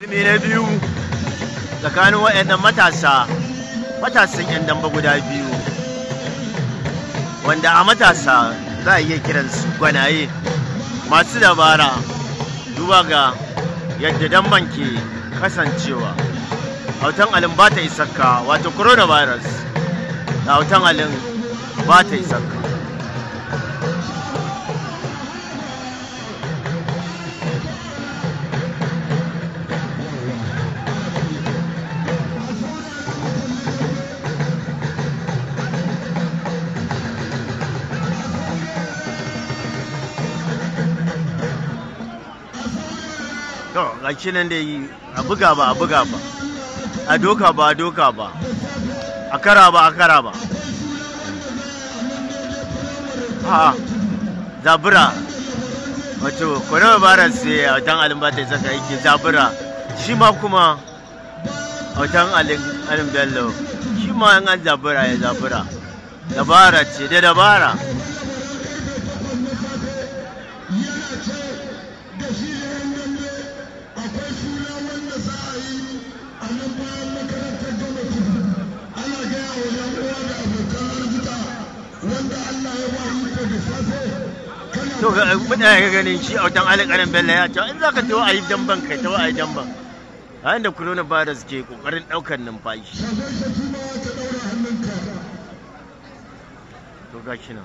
Ilimi na biyu tsakanin waɗannan matasa matasan 'yan damba guda biyu wanda a matasa za a iya kiran kiransu gwanaye masu dabara duba ga yadda damban ke kasancewa hautan alin ba ta isakka wato coronavirus da hautan alin ba ta isakka to ga shi nan dai a buga ba a buga ba a doka ba a doka ba a kara ba a kara ba a zabura wato coronavirus sai a wajen alimbata saka yake zabura shi ma kuma a wajen alim shi ma yan an zabura ya zabura dabara ce da dabara da shi da yan dambe akwai suna wanda za a yi a nan bayan makarantar gwamnati ana gaya wa yan uwa da abokan arzika wanda Allah ya ba iko da safe to eh, mutane ka ganin shi a wutan alƙarin bello ya ce in za ka tawo a yi damban kai tawo a yi damban a yadda coronavirus ke ƙoƙarin ɗaukar numfashi to ga shi nan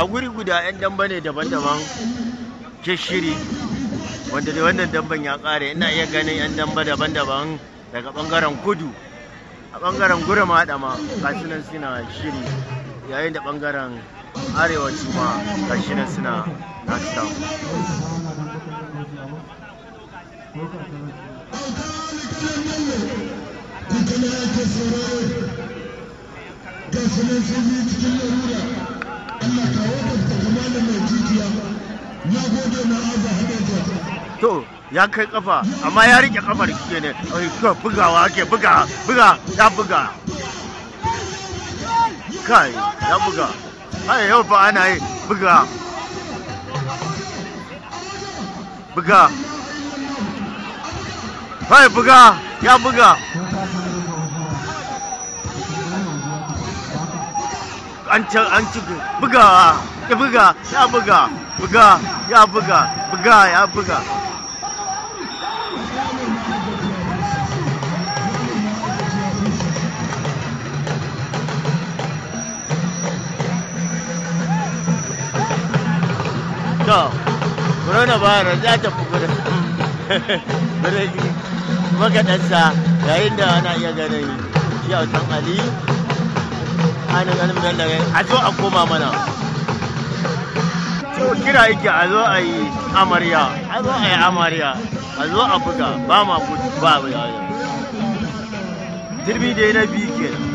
a guri guda 'yan damba ne daban-daban ke shiri wanda da wannan damban ya kare ina iya ganin 'yan damba daban-daban daga bangaren kudu a bangaren gure maɗama gashinan suna shiri yayin da bangaren arewa ma gashinan suna nasu nan sun yi cikin larura Allah to ya kai kafa amma ya rike kafar ke ne bugawa ke buga buga ya buga kai ya buga kai yau ba ana yi buga buga buga ya buga an ci an ci buga ya buga ya buga buga ya buga buga ya buga to coronavirus ya tafi gudun birni magadansa yayin da ana iya ganin shi a ali ainihin ganin nan da a zo a koma mana kira yake a zo a yi amarya a zo a yi amarya a zo a buga ba ma ba ba ya dirbi dai na biyu kenan